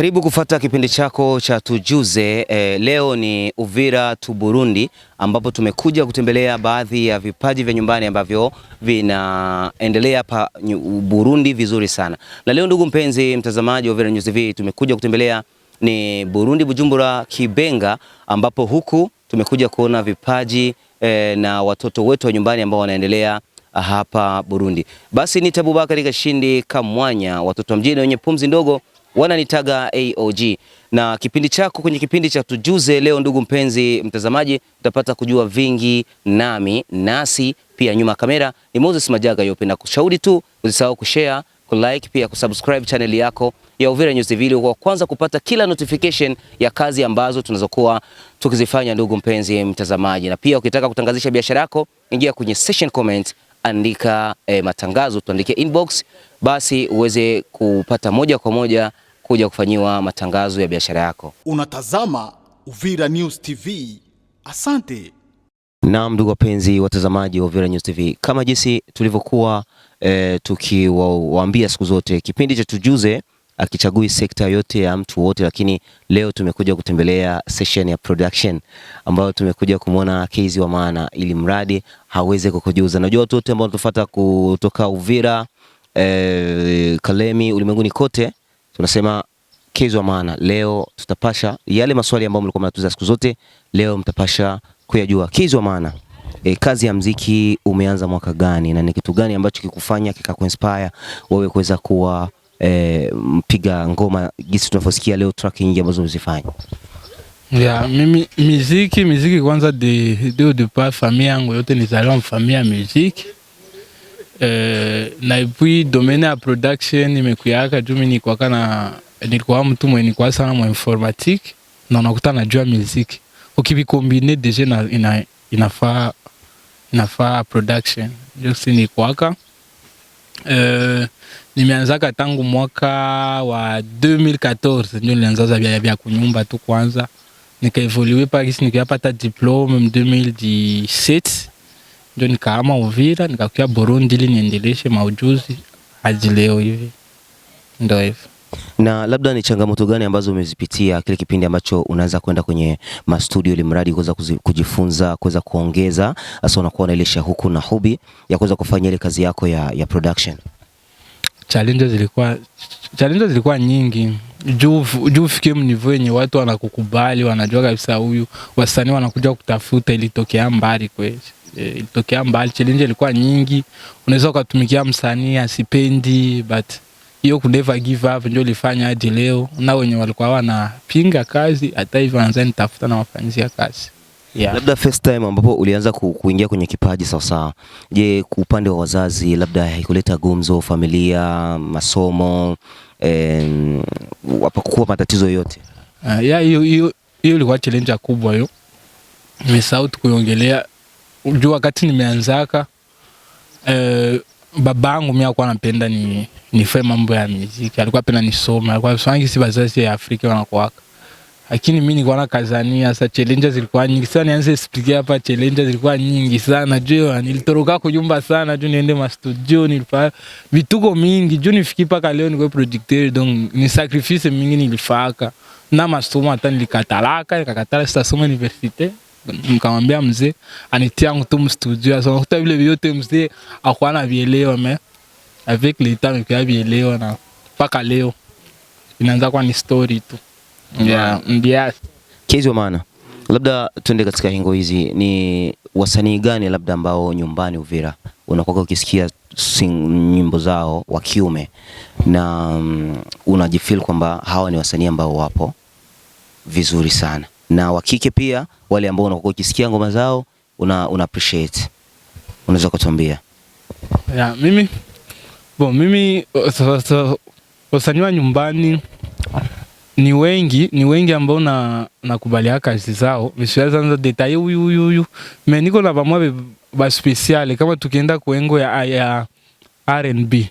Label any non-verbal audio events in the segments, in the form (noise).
Karibu kufata kipindi chako cha Tujuze. E, leo ni Uvira tu Burundi, ambapo tumekuja kutembelea baadhi ya vipaji vya nyumbani ambavyo vinaendelea hapa Burundi vizuri sana. Na leo ndugu mpenzi mtazamaji wa Uvira News TV, tumekuja kutembelea ni Burundi Bujumbura Kibenga, ambapo huku tumekuja kuona vipaji e, na watoto wetu wa nyumbani ambao wanaendelea ah, hapa Burundi. Basi ni Tabubakari Kashindi Kamwanya, watoto wa mjini wenye pumzi ndogo wananitaga AOG na kipindi chako kwenye kipindi cha Tujuze leo. Ndugu mpenzi mtazamaji, utapata kujua vingi nami nasi pia. Nyuma kamera ni Moses Majaga yupo, na kushauri tu usisahau kushare, kulike pia kusubscribe channel yako ya Uvira News TV kwa kwanza kupata kila notification ya kazi ambazo tunazokuwa tukizifanya, ndugu mpenzi mtazamaji. Na pia ukitaka kutangazisha biashara yako, ingia kwenye session comment andika eh, matangazo, tuandike inbox basi uweze kupata moja kwa moja kuja kufanyiwa matangazo ya biashara yako. Unatazama Uvira News TV. Asante. Naam, ndugu wapenzi watazamaji wa Uvira News TV, kama jinsi tulivyokuwa e, tukiwaambia siku zote, kipindi cha Tujuze akichagui sekta yote ya mtu wote, lakini leo tumekuja kutembelea session ya production ambayo tumekuja kumwona Kezi wa maana, ili mradi haweze kukujuza. Najua watu wote ambao wanatufuata kutoka Uvira, e, eh, Kalemi, ulimwenguni kote tunasema wa Maana. Leo tutapasha yale maswali ambayo mlikuwa mnatuza siku zote, leo mtapasha kuyajua. wa Maana, e, kazi ya mziki umeanza mwaka gani na ni kitu gani ambacho kikufanya kikakuinspire wewe kuweza kuwa e, mpiga ngoma jinsi tunavyosikia leo track nyingi ambazo uzifanya? Yeah, mimi miziki miziki kwanza ndio de, de, de, de, familia yangu yote nizaliwa mfamilia miziki Eh, na epui domaine ya production imekuyaka jumi nikwaka na nilikuwa mtu mwenye nilikuwa sana mwa informatique na unakuta najua muziki ukivikombine deja na, ina, inafaa inafaa production josi nikwaka Uh, eh, nimeanzaka tangu mwaka wa 2014 ndio nilianzaza vya vya kunyumba tu kwanza, nikaevoluwe Paris, nikapata diplome 2017 ndio nikaama Uvira nikakuya Burundi ili niendeleshe maujuzi hadi leo hivi, ndio hivyo. Na labda ni changamoto gani ambazo umezipitia kile kipindi ambacho unaanza kwenda kwenye mastudio ili mradi kuweza kujifunza, kuweza kuongeza, hasa unakuwa na ile shauku na hobi ya kuweza kufanya ile kazi yako ya, ya production? Challenge zilikuwa challenge zilikuwa nyingi juu juu fikie mnivu yenye watu wanakukubali, wanajua kabisa huyu wasanii wanakuja kutafuta, ilitokea mbali kweli. Eh, ilitokea mbali, challenge ilikuwa nyingi. Unaweza ukatumikia msanii asipendi, but hiyo ku never give up ndio ilifanya hadi leo, na wenye walikuwa wanapinga kazi hata hivyo wanaanza nitafuta na wafanyia kazi. Yeah. Labda first time ambapo ulianza kuingia kwenye kipaji sawasawa, je, upande wa wazazi labda haikuleta gumzo, familia, masomo eh, wapakuwa matatizo yote? Uh, ah, yeah, hiyo ilikuwa challenge kubwa hiyo, nimesahau kuongelea juu wakati nimeanzaka eh, babangu mimi alikuwa anapenda ni nifanye mambo ya muziki, alikuwa penda nisome, alikuwa swangi si bazazi ya Afrika wanakuwaka lakini mimi nilikuwa na kazania sasa, challenges zilikuwa nyingi sana. Nianze explain hapa, challenges zilikuwa nyingi sana juu nilitoroka kujumba sana juu niende ma studio, nilifanya vituko mingi juu nifiki paka leo niko projecteur, donc ni sacrifice mingi nilifaka na masomo, hata nilikatalaka nikakatala sitasoma university mkamwambia mzee anitiangu tu mstudio asanakuta vile vyote mzee akuwa na vielewa me avec le temps mekuya vielewa na mpaka leo inaanza kuwa ni story tu yeah. kezi wa maana labda tuende katika hingo hizi ni wasanii gani labda ambao nyumbani Uvira unakuwa ukisikia nyimbo zao wa kiume na um, mm, unajifil kwamba hawa ni wasanii ambao wapo vizuri sana na wa kike pia, wale ambao unakuwa ukisikia ngoma zao una, una appreciate, unaweza kutuambia? Yeah, mimi bo mimi wasanii wa nyumbani ni wengi, ni wengi ambao na nakubalia kazi zao. Misiweza anza detail huyu huyu huyu, me niko na vamwa ba special kama tukienda kuengo ya, ya R&B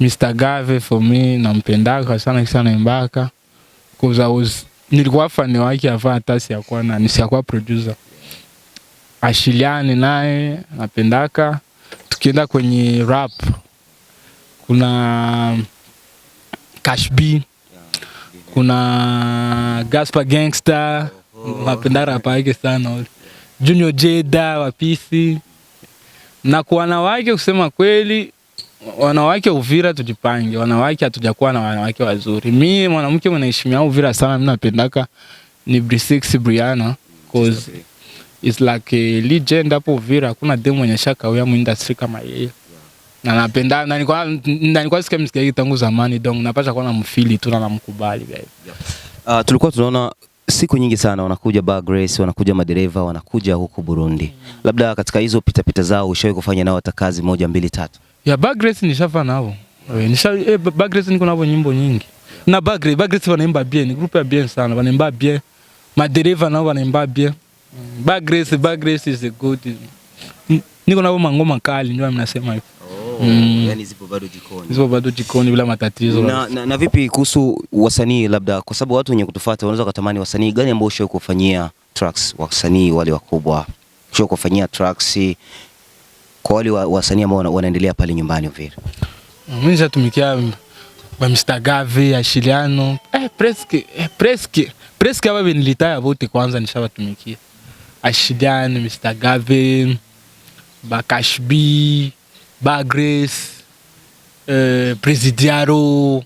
Mr Gave for me nampendaka sana sana, Mbaka kuza nilikuwa fani wake afa hata siakuwa nani, siakuwa producer. Ashiliani naye napendaka. Tukienda kwenye rap kuna Cash B, kuna Gaspar Gangster, napenda rapa yake sana. Junior Jeda wapisi na kuwana wake kusema kweli wanawake Uvira tujipange, wanawake hatujakuwa na wanawake wazuri. Mi mwanamke mwanaheshimia Uvira sana, mi napendaka ni Brisix Briana cause is like legend hapo Uvira, hakuna demu mwenye shaka huya muindustry kama yeye na napenda na nilikuwa na nilikuwa sikia msikia tangu zamani dong, napata kuwa mfili tu na namkubali guys. Uh, ah, tulikuwa tunaona siku nyingi sana wanakuja Bar Grace, wanakuja madereva, wanakuja huku Burundi. Mm. Labda katika hizo pitapita zao ushawahi kufanya nao hata kazi moja mbili tatu? Ya Bagrace nishafa nao. Eh, nisha eh, Bagrace niko nao nyimbo nyingi. Na Bagrace, Bagrace wanaimba bien, ni groupe ya bien sana, wanaimba bien. Madereva nao wanaimba bien. Mm, Bagrace, Bagrace is a good. Niko nao mangoma kali ndio mnasema hivyo. Oh, mm. Yani zipo bado jikoni. Zipo bado jikoni bila matatizo. Na, na, na vipi kuhusu wasanii labda kwa sababu watu wenye kutufuata wanaweza kutamani wasanii gani ambao ushawahi kufanyia tracks, wasanii wale wakubwa? Ushawahi kufanyia tracks kwa wale wasanii ambao wanaendelea pale nyumbani vile? Mimi natumikia ba Mr. Gavi, Ashiliano, eh, preski, eh, preski, preski hapa nilitaya vote kwanza nishabatumikia. Ashiliano, Mr. Gavi, ba Kashbi, ba Grace, eh, Presidiaro,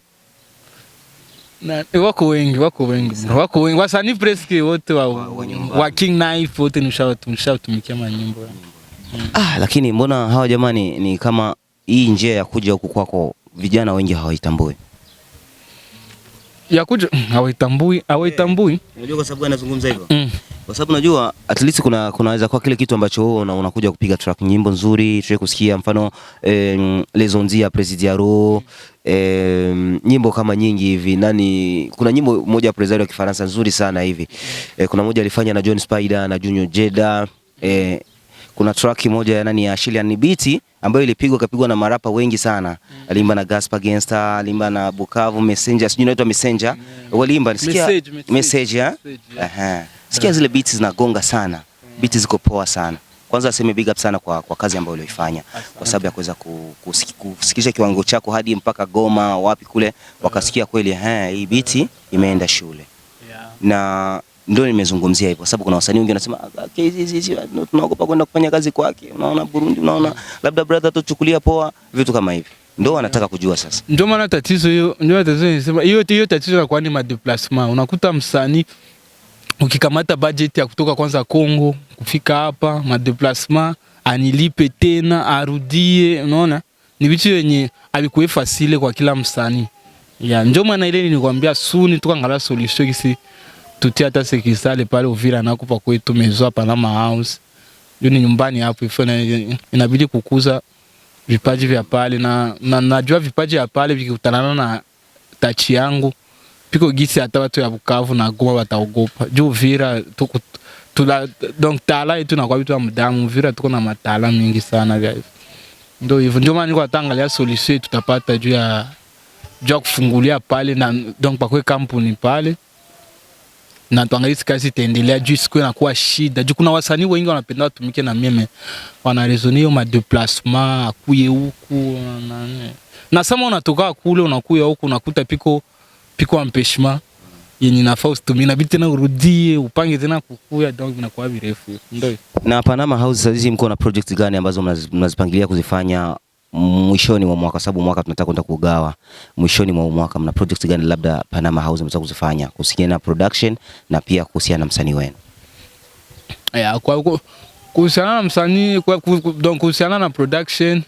na eh, wako wengi, wako wengi, wako wengi wasanii preski wote wa, wa, wa King Knife wote nishabatumikia manyimbo mm. Ah, lakini mbona hawa jamani ni kama hii njia ya kuja huku kwako vijana wengi hawaitambui ya kuja hmm, hawaitambui, hawaitambui. Eh, unajua kwa sababu anazungumza hivyo mm. Kwa sababu najua at least kuna kunaweza kuwa kile kitu ambacho wewe una, unakuja kupiga track nyimbo nzuri tuwe kusikia mfano eh, Les Onzia Presidiaro eh, nyimbo kama nyingi hivi nani, kuna nyimbo moja ya Presidiaro ya Kifaransa nzuri sana hivi eh, kuna moja alifanya na John Spider na Junior Jeda eh, kuna track moja ya nani ya Shilian Nibiti ambayo ilipigwa kapigwa na marapa wengi sana. mm. Alimba na Gaspar Gangsta, alimba na Bukavu Messenger, sijui inaitwa Messenger. Mm. Walimba nisikia message message, message, ya. Eh? yeah. Aha. Sikia yeah. zile beats zinagonga sana. Mm. Beats ziko poa sana. Kwanza aseme big up sana kwa, kwa kazi ambayo ulioifanya kwa sababu ya kuweza kusikisha kiwango chako hadi mpaka Goma wapi kule wakasikia kweli, eh, hii beat imeenda shule na ndio nimezungumzia hivyo, sababu kuna wasanii wengi wanasema ah, tunaogopa kwenda kufanya kazi kwake, unaona Burundi, unaona labda brother tuchukulia poa, vitu kama hivi ndo wanataka kujua sasa. Ndio maana tatizo hiyo, ndio tatizo nisema hiyo hiyo tatizo la kwani madeplasma, unakuta msanii ukikamata budget ya kutoka kwanza Kongo kufika hapa madeplasma, anilipe tena arudie, unaona ni vitu yenye abikuwe fasile kwa kila msanii ya, ndio maana ile nilikwambia suni tukangalia solution kisi tutia hata sekisale pale Uvira anakupa kwetu mezoa Panama House juu ni nyumbani hapo, ifo inabidi kukuza vipaji vya pale na, na najua vipaji vya pale vikikutanana na tachi yangu piko gisi hata watu ya Bukavu na Goma wataogopa juu Uvira tuku tula donc tala yetu na kwa vitu vya mdamu Uvira tuko na matala mingi sana vya hivyo, ndio hivyo, ndio maana niko atangalia solution tutapata juu ya juu ya kufungulia pale na donc pakwe kampuni pale na tuangalie kazi itaendelea juu siku inakuwa shida juu kuna wasanii wengi wanapenda watumike na mimi wanarezonia hiyo madeplasma akuye huku na sema unatoka kule unakuya huku unakuta piko piko ampeshma yenye nafaa usitumie, na tena urudie upange tena kukuya, donc vinakuwa virefu. Ndio. Na Panama House sasa hizi mko na project gani ambazo mnazipangilia kuzifanya mwishoni mwa mwaka, sababu mwaka tunataka kwenda kugawa. Mwishoni mwa mwaka, mna project gani labda Panama House mnataka kuzifanya kuhusiana na production na pia kuhusiana na msanii wenu? Yeah, kwa kuhusiana na msanii, kuhusiana na production,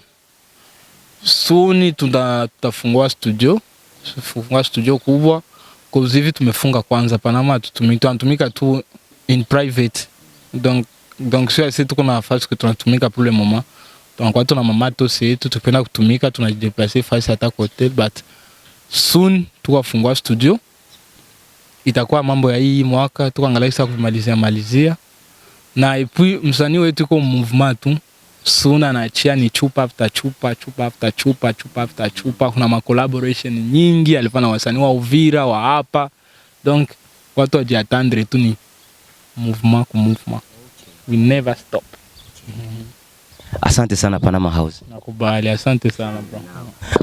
soon tutafungua studio, tutafungua studio kubwa kwa hivi tumefunga kwanza. Panama tunatumika tu in private, donc donc sio sisi tuko na nafasi tunatumika pour mama donc watu na mama tose yetu tupenda kutumika, tunajideplace fasi hata kote, but soon tukafungua studio. Itakuwa mambo ya hii mwaka tukaangalia sasa kumalizia malizia, na ipi msanii wetu kwa movement tu soon anaachia ni chupa after chupa, chupa after chupa, chupa after chupa. Kuna ma collaboration nyingi alifanya wasanii wa Uvira wa hapa, donc watu wajiatandre tu ni movement ku movement, we never stop. Asante sana Panama House. Nakubali, asante sana bro.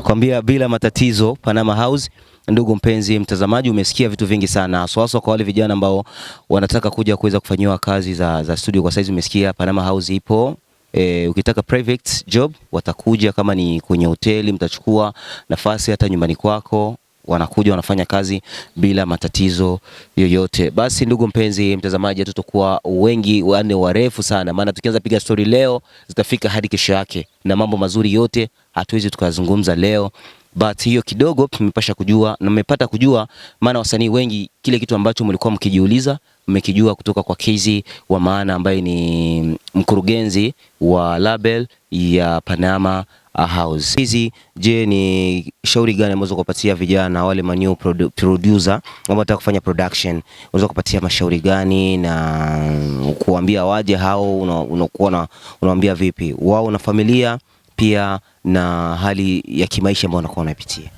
Kwambia bila matatizo Panama House. Ndugu mpenzi mtazamaji, umesikia vitu vingi sana haswa kwa wale vijana ambao wanataka kuja kuweza kufanyiwa kazi za, za studio. Kwa saizi umesikia Panama House ipo E, ukitaka private job watakuja. Kama ni kwenye hoteli, mtachukua nafasi hata nyumbani kwako wanakuja wanafanya kazi bila matatizo yoyote. Basi ndugu mpenzi mtazamaji, tutakuwa wengi wane warefu sana, maana tukianza piga story leo zitafika hadi kesho yake, na mambo mazuri yote hatuwezi tukazungumza leo but hiyo kidogo tumepasha kujua na mmepata kujua, maana wasanii wengi kile kitu ambacho mlikuwa mkijiuliza mmekijua kutoka kwa Kizzy wa maana ambaye ni mkurugenzi wa label ya Panama house. Hizi je, ni shauri gani ambazo kupatia vijana wale ma new produ producer ambao wanataka kufanya production, unaweza kupatia mashauri gani na kuambia waje hao? Unakuwa una, unawaambia vipi wao na familia pia na hali ya kimaisha ambayo wanakuwa wanapitia?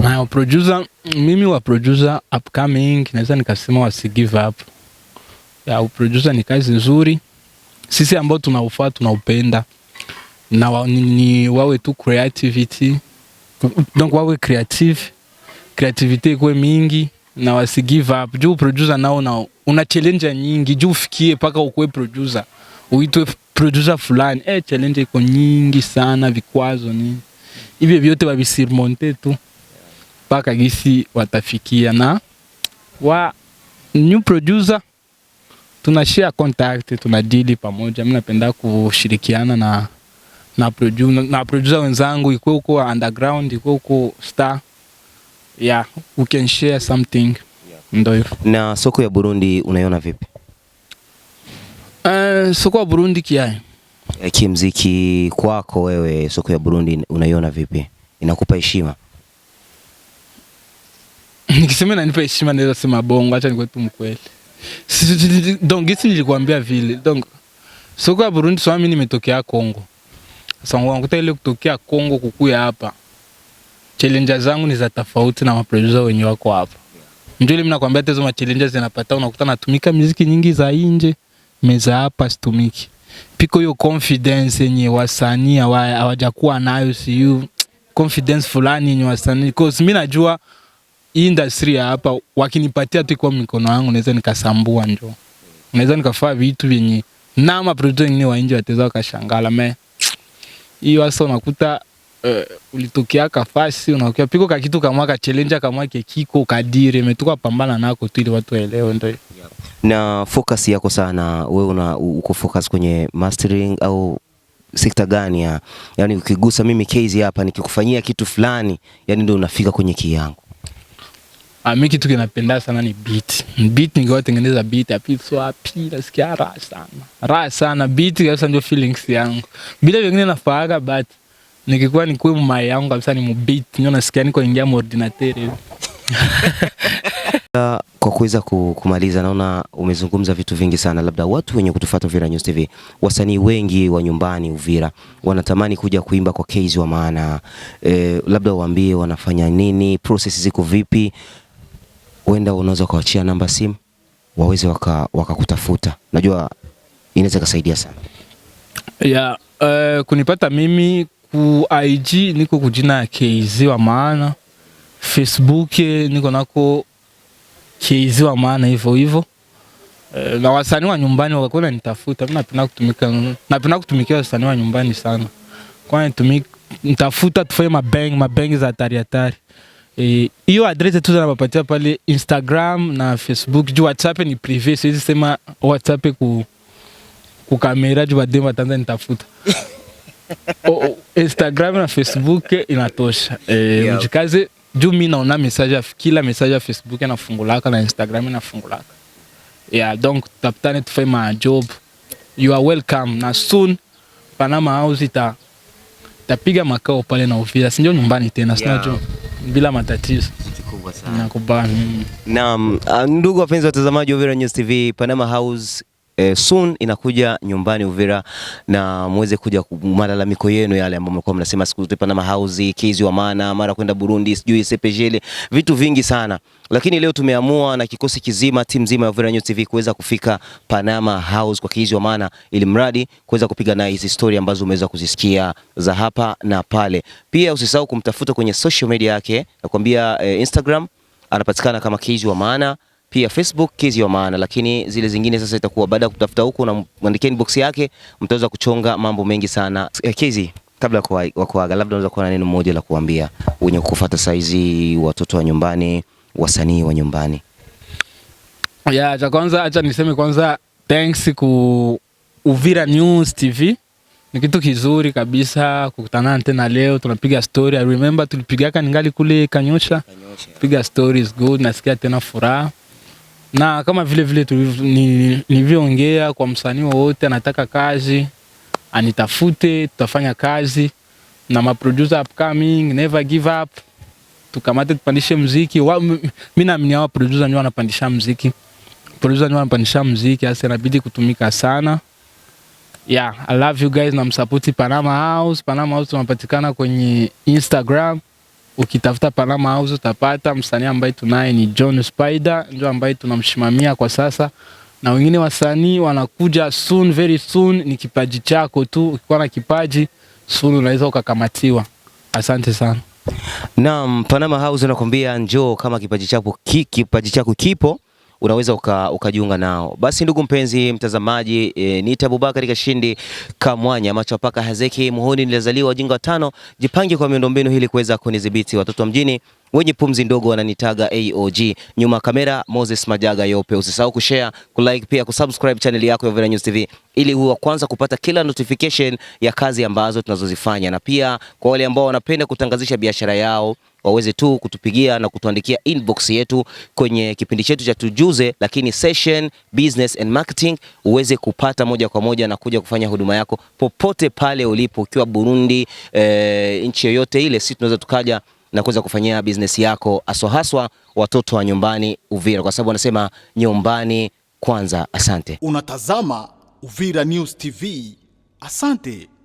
Na producer, mimi wa producer upcoming naweza nikasema wasi give up. Ya, producer ni kazi nzuri, sisi ambao tunaufaa tunaupenda na wa, ni ni wawe tu creativity, donc wawe creative, creativity ikwe mingi na wasi give up juu producer nao na una challenge nyingi juu ufikie paka ukue producer uitwe producer fulani eh, challenge iko nyingi sana, vikwazo ni hivyo vyote wavisurmonte tu paka gisi watafikia. Na wa new producer tunashare contact, tuna deal pamoja, mimi napenda kushirikiana na na produce, na producer wenzangu, iko huko underground, iko huko star, yeah we can share something, ndio hivyo. Na soko ya Burundi unaiona vipi? Uh, soko ya Burundi kiaye kimziki kwako wewe, soko ya Burundi unaiona vipi? Inakupa heshima? Nikisema inanipa heshima naweza sema bongo, acha nikuwe tu mkweli. Don't gisi nilikwambia vile. Donc soko ya Burundi swami, nimetokea Kongo sasa unakuta ile kutokea Kongo kukuya hapa, challenge zangu ni za tofauti na maproducer wenye wako hapa. ile mnakwambia tezo ma challenge zinapata, unakuta natumika muziki nyingi za nje, meza hapa situmiki. Piko hiyo confidence yenye wasanii hawajakuwa nayo, si you confidence fulani yenye wasanii, because mimi najua industry ya hapa wakinipatia tu kwa mikono yangu naweza nikasambua, njoo naweza nikafaa vitu vyenye na maproducer wengine wa nje wateza wakashangala me hiyo hasa unakuta uh, ulitokea kafasi unakuwa piko ka kitu kama ka challenge kama kiko kadiri umetoka pambana nako tu ili watu waelewe ndio. Na focus yako sana wewe una uko focus kwenye mastering au sekta gani ya? Yani ukigusa mimi case hapa nikikufanyia kitu fulani yani ndio unafika kwenye kiyangu. Ah, mi kitu kinapenda sana ni beat. Beat nikiwa tengeneza beat ya P nasikia raha sana. Raha sana beat kabisa ndio feelings yangu. Bila vingine nafaaga but nikikuwa nikuwe mumai yangu kabisa ni mubeat ndio nasikia niko ingia muordinateur (laughs) Kwa kuweza kumaliza, naona umezungumza vitu vingi sana. Labda watu wenye kutufuata Uvira News TV, wasanii wengi wa nyumbani Uvira wanatamani kuja kuimba kwa KZ wa maana. E, labda waambie wanafanya nini, process ziko vipi? uenda unaweza ukawachia namba simu waweze wakakutafuta waka, najua inaweza kusaidia sana ya yeah, uh, kunipata mimi ku IG niko kujina ya KZ wa maana, Facebook niko nako KZ wa maana hivyo hivyo uh, na wasanii wa nyumbani wakakona nitafuta. Mimi napenda kutumika, napenda kutumikia wasanii wa nyumbani sana, kwani nitafuta tufanye mabeng mabengi za tari tari. Eh, hiyo e, adresi tu zanapapatia pale Instagram na Facebook juu WhatsApp ni privé, siwezi sema WhatsApp ku ku kamera juu bademu batanza nitafuta Oh, (laughs) oh, Instagram na Facebook inatosha e, yeah. Mjikaze juu mi naona message kila message ya Facebook inafungulaka na Instagram inafungulaka yeah, donc tutaputane tufanye ma job. You are welcome na soon Panama House ita tapiga makao pale na ofisa, sinjo nyumbani tena, sinajua yeah bila matatizo. Nakubali. Naam, ah, ndugu wapenzi watazamaji wa Uvira News TV, Panama House e, soon inakuja nyumbani Uvira na muweze kuja malalamiko yenu yale ambayo mlikuwa mnasema siku zote pana mahauzi kizi wa maana mara kwenda Burundi sijui sepejele vitu vingi sana, lakini leo tumeamua na kikosi kizima timu nzima ya Uvira News TV kuweza kufika Panama House kwa kizi wa maana, ili mradi kuweza kupiga na hizi story ambazo umeweza kuzisikia za hapa na pale. Pia usisahau kumtafuta kwenye social media yake, nakwambia eh, Instagram anapatikana kama kizi wa maana pia Facebook Kizi wa maana, lakini zile zingine sasa itakuwa baada ya kutafuta huko na mwandikeni box yake, mtaweza kuchonga mambo mengi sana. Eh, Kizi, kabla ya kuaga, labda unaweza kuwa na neno moja la kuambia wenye kufuata saizi, watoto wa nyumbani, wasanii wa nyumbani? Ya, cha kwanza acha niseme kwanza thanks ku Uvira News TV ni kitu kizuri kabisa kukutana tena leo, tunapiga story. I remember tulipigaka ningali kule Kanyosha, Kanyosha. Piga story is good, nasikia tena furaha na kama vile vile nilivyoongea ni, ni kwa msanii wowote anataka kazi anitafute, tutafanya kazi na maproducer upcoming, never give up, tukamate tupandishe mziki. Mimi naamini hawa producer ndio wanapandisha mziki, producer ndio wanapandisha mziki, hasa inabidi kutumika sana. Yeah, I love you guys na msapoti Panama House. Panama House tunapatikana kwenye Instagram ukitafuta Panama House utapata. Msanii ambaye tunaye ni John Spider, ndio ambaye tunamshimamia kwa sasa, na wengine wasanii wanakuja soon, very soon. Ni kipaji chako tu, ukikuwa na kipaji soon unaweza ukakamatiwa. Asante sana. Naam, Panama House nakwambia, njoo kama kipaji chako kipaji chako kipo unaweza uka, ukajiunga nao. Basi ndugu mpenzi mtazamaji e, niita katika Kashindi Kamwanya macho paka hazeki muhuni nilizaliwa jinga tano jipange kwa miundombinu ili kuweza kunidhibiti watoto wa mjini wenye pumzi ndogo wananitaga AOG. Nyuma kamera Moses Majaga Yope. Usisahau kushare, kulike pia kusubscribe channel yako ya Vera News TV ili uwe wa kwanza kupata kila notification ya kazi ambazo tunazozifanya, na pia kwa wale ambao wanapenda kutangazisha biashara yao waweze tu kutupigia na kutuandikia inbox yetu kwenye kipindi chetu cha Tujuze, lakini session business and marketing, uweze kupata moja kwa moja na kuja kufanya huduma yako popote pale ulipo, ukiwa Burundi, e, nchi yoyote ile, sisi tunaweza tukaja na kuweza kufanyia business yako haswa haswa watoto wa nyumbani Uvira, kwa sababu wanasema nyumbani kwanza. Asante, unatazama Uvira News TV. Asante.